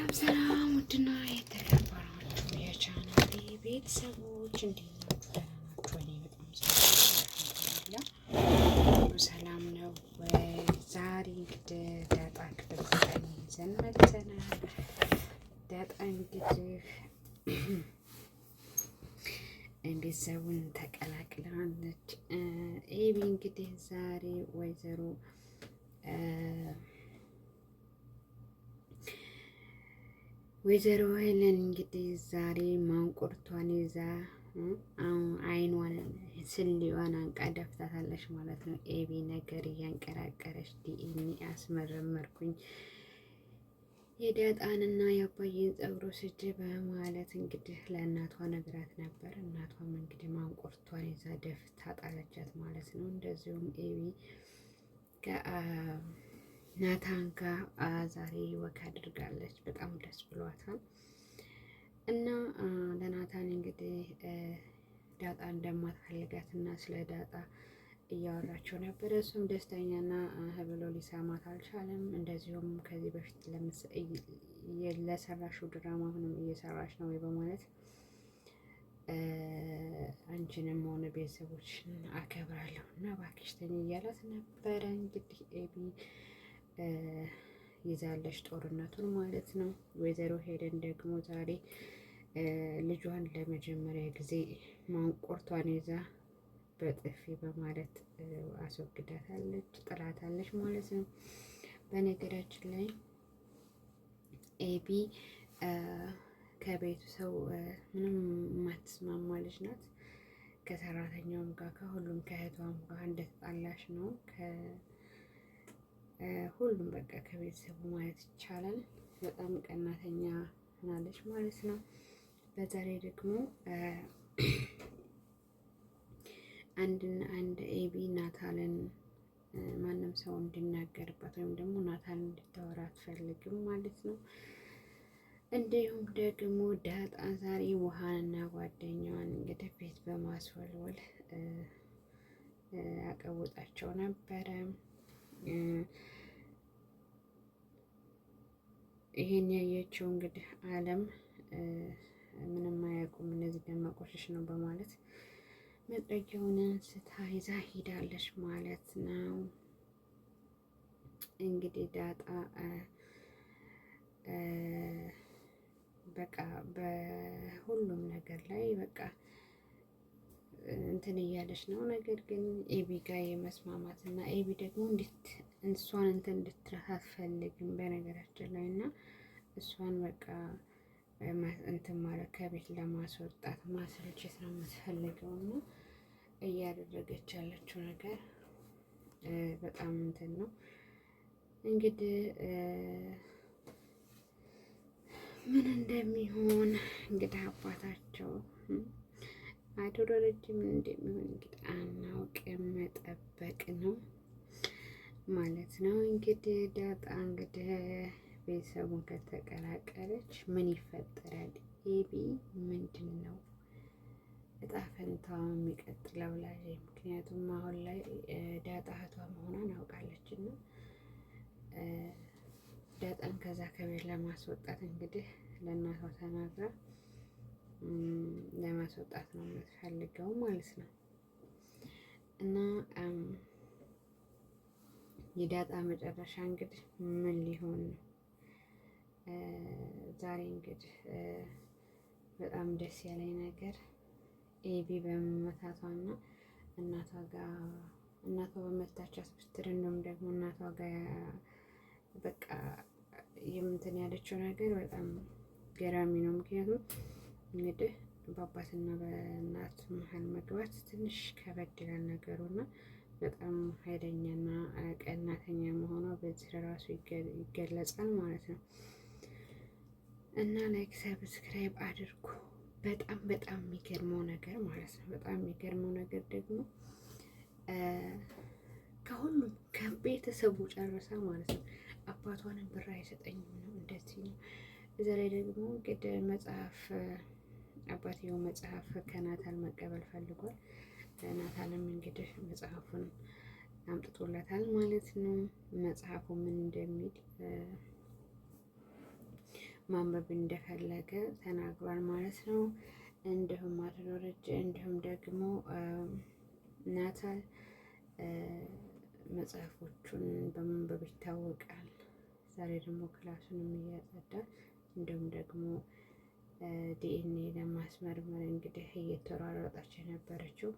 ሰላም ሰላም፣ ውድና የተከበራችሁ የቻናሌ ቤተሰቦች እንዴት ናችሁ? ደህና ናችሁ? እኔ በጣም ሰላም ሰላም ነው። ዛሬ እንግዲህ ዳጣ ክፍል ዘጠኝ ይዘን መጥተናል። ዳጣ እንግዲህ ቤተሰቡን ተቀላቅላለች። ኤቢ እንግዲህ ዛሬ ወይዘሮ ወይዘሮ ሄለን እንግዲህ ዛሬ ማንቁርቷን ይዛ አይኗን ስሊዋን አንቃ ደፍታታለች ማለት ነው። ኤቢ ነገር እያንቀራቀረች ዲኤኒ አስመረመርኩኝ የዳጣንና የአባዬን ጸጉሮ ስጅ በማለት እንግዲህ ለእናቷ ነግራት ነበር። እናቷም እንግዲህ ማንቁርቷን ይዛ ደፍታ ጣለቻት ማለት ነው። እንደዚሁም ኤቢ ናታን ጋር ዛሬ ወክ አድርጋለች። በጣም ደስ ብሏታል። እና ለናታን እንግዲህ ዳጣ እንደማትፈልጋት እና ስለ ዳጣ እያወራቸው ነበረ። እሱም ደስተኛ እና ህብሎ ሊሰማት አልቻለም። እንደዚሁም ከዚህ በፊት ለሰራሹ ድራማ አሁንም እየሰራች ነው ወይ በማለት አንቺንም ሆነ ቤተሰቦችን አከብራለሁ እና እባክሽ ተኝ እያላት ነበረ እንግዲህ ኤቢ ይዛለች ጦርነቱን ማለት ነው። ወይዘሮ ሄደን ደግሞ ዛሬ ልጇን ለመጀመሪያ ጊዜ ማንቆርቷን ይዛ በጥፊ በማለት አስወግዳታለች፣ ጥላታለች ማለት ነው። በነገራችን ላይ ኤቢ ከቤቱ ሰው ምንም የማትስማማ ልጅ ናት። ከሰራተኛውም ጋር ከሁሉም ከእህቷም ጋር እንደተጣላች ነው። ሁሉም በቃ ከቤተሰቡ ማየት ይቻላል በጣም ቀናተኛ ሆናለች ማለት ነው። በዛሬ ደግሞ አንድና አንድ ኤቢ ናታልን ማንም ሰው እንዲናገርባት ወይም ደግሞ ናታልን እንድታወራ አትፈልግም ማለት ነው። እንዲሁም ደግሞ ዳጣ ዛሬ ውሃንና ጓደኛዋን እንግዲህ ቤት በማስወልወል አቀውጣቸው ነበረ። ይሄን ያየችው እንግዲህ አለም ምንም አያውቁም፣ እነዚህ ደም ነው በማለት መጥረጊያውን አንስታ ይዛ ሄዳለች ማለት ነው። እንግዲህ ዳጣ በቃ በሁሉም ነገር ላይ በቃ እንትን እያለች ነው። ነገር ግን ኤቢ ጋር የመስማማት እና ኤቢ ደግሞ እንዴት እሷን እንትን እንድትላት አትፈልግም በነገራችን ላይ እና እሷን በቃ እንትን ማለት ከቤት ለማስወጣት ማስረጀት ነው የምትፈልገው እና እያደረገች ያለችው ነገር በጣም እንትን ነው እንግዲህ ምን እንደሚሆን እንግዲህ አባታቸው አዶሮ ረጅም እንደሚሆን እንግዲህ መጠበቅ ነው ማለት ነው። እንግዲህ ዳጣ እንግዲህ ቤተሰቡን ከተቀላቀለች ምን ይፈጠራል? ኤቢ ምንድን ነው እጣ ፈንታው የሚቀጥለው ላይ? ምክንያቱም አሁን ላይ ዳጣ እህቷ መሆኗን አውቃለች እና ዳጣን ከዛ ከቤት ለማስወጣት እንግዲህ ለእናቷ ተናግራ ለማስወጣት ነው የምትፈልገው ማለት ነው። እና የዳጣ መጨረሻ እንግዲህ ምን ሊሆን ነው? ዛሬ እንግዲህ በጣም ደስ ያለኝ ነገር ኤቢ በመመታቷ እና እናቷ ጋር እናቷ በመታቻት ደግሞ እናቷ ጋር በቃ የምንትን ያለችው ነገር በጣም ገራሚ ነው ምክንያቱም እንግዲህ በአባትና በእናት መሀል መግባት ትንሽ ከበድ ይላል ነገሩና በጣም ኃይለኛና ቀናተኛ መሆኗ በዚህ ራሱ ይገለጻል ማለት ነው። እና ላይክ ሰብስክራይብ አድርጉ። በጣም በጣም የሚገርመው ነገር ማለት ነው። በጣም የሚገርመው ነገር ደግሞ ከሁሉም ከቤተሰቡ ጨርሳ ማለት ነው አባቷንም ብር አይሰጠኝም ነው እንደዚህ ነው። እዛ ላይ ደግሞ እንግዲህ መጽሐፍ አባትየው መጽሐፍ ከናታል መቀበል ፈልጓል። ናታልም እንግዲህ መጽሐፉን አምጥቶለታል ማለት ነው። መጽሐፉ ምን እንደሚል ማንበብ እንደፈለገ ተናግሯል ማለት ነው። እንዲሁም አድኖረጅ እንዲሁም ደግሞ ናታል መጽሐፎቹን በማንበብ ይታወቃል። ዛሬ ደግሞ ክላሱን የሚያጸዳ እንዲሁም ደግሞ ዲኤንኤ ለማስመርመር እንግዲህ እየተሯሯጠች የነበረችው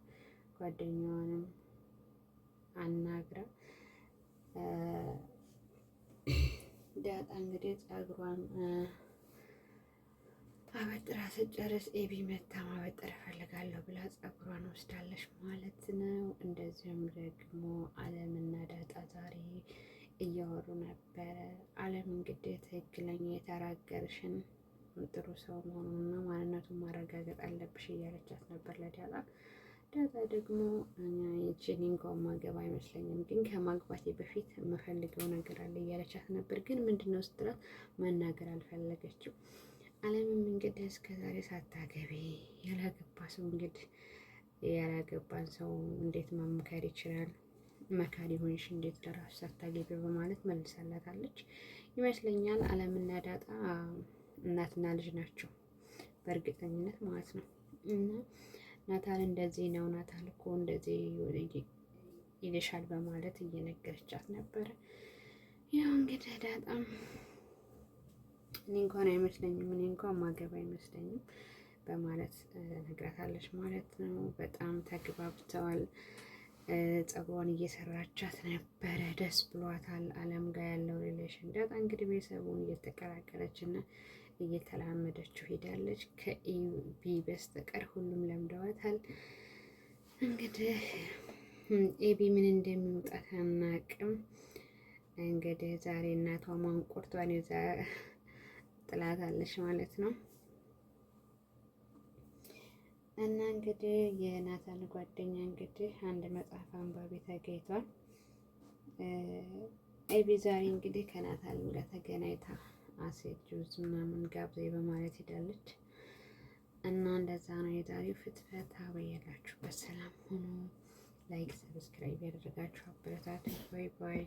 ጓደኛዋንም አናግራ ዳጣ እንግዲህ ጸጉሯን አበጥራ ስጨርስ ኤቢ መታ ማበጠር እፈልጋለሁ ብላ ጸጉሯን ወስዳለች ማለት ነው። እንደዚሁም ደግሞ አለም እና ዳጣ ዛሬ እያወሩ ነበረ። አለም እንግዲህ ትክክለኛ የተራገርሽን ጥሩ ሰው መሆኑንና ማንነቱን ማረጋገጥ አለብሽ እያለቻት ነበር ለዳጣ። ዳጣ ደግሞ ቺኒን ማገባ አይመስለኝም፣ ግን ከማግባቴ በፊት የምፈልገው ነገር አለ እያለቻት ነበር። ግን ምንድነው ስትላት መናገር አልፈለገችው። አለምም እንግዲህ እስከዛሬ ሳታገቢ ያላገባ ሰው እንግዲህ ያላገባን ሰው እንዴት መምከር ይችላል? መካሪ ሆንሽ እንዴት ደራሽ ሳታገቢ በማለት መልሳላታለች ይመስለኛል አለምና ዳጣ እናትና ልጅ ናቸው በእርግጠኝነት ማለት ነው። እና ናታል እንደዚህ ነው፣ ናታል እኮ እንደዚህ ይልሻል በማለት እየነገረቻት ነበረ። ያው እንግዲህ ዳጣም እኔ እንኳን አይመስለኝም፣ እኔ እንኳን ማገብ አይመስለኝም በማለት ነግራታለች ማለት ነው። በጣም ተግባብተዋል። ጸጉሯን እየሰራቻት ነበረ፣ ደስ ብሏታል። አለም ጋር ያለው ሪሌሽን ዳጣ እንግዲህ ቤተሰቡን እየተቀላቀለች እና እየተላመደችው ሄዳለች። ከኤቢ በስተቀር ሁሉም ለምደዋታል። እንግዲህ ኤቢ ምን እንደሚወጣት አናቅም። እንግዲህ ዛሬ እናቷ ማንቆርቷን ይዛ ጥላታለች ማለት ነው። እና እንግዲህ የናታን ጓደኛ እንግዲህ አንድ መጽሐፍ አንባቢ ተገኝቷል። ኤቢ ዛሬ እንግዲህ ከናታን ጋር ተገናኝታ አሴት ጁስ ምናምን ጋብዘኝ በማለት ሄዳለች እና እንደዛ ነው የዛሬው ፍትፈት። አበያላችሁ በሰላም ሆኖ ላይክ፣ ሰብስክራይብ ያደረጋችሁ አበረታት። ባይ ባይ።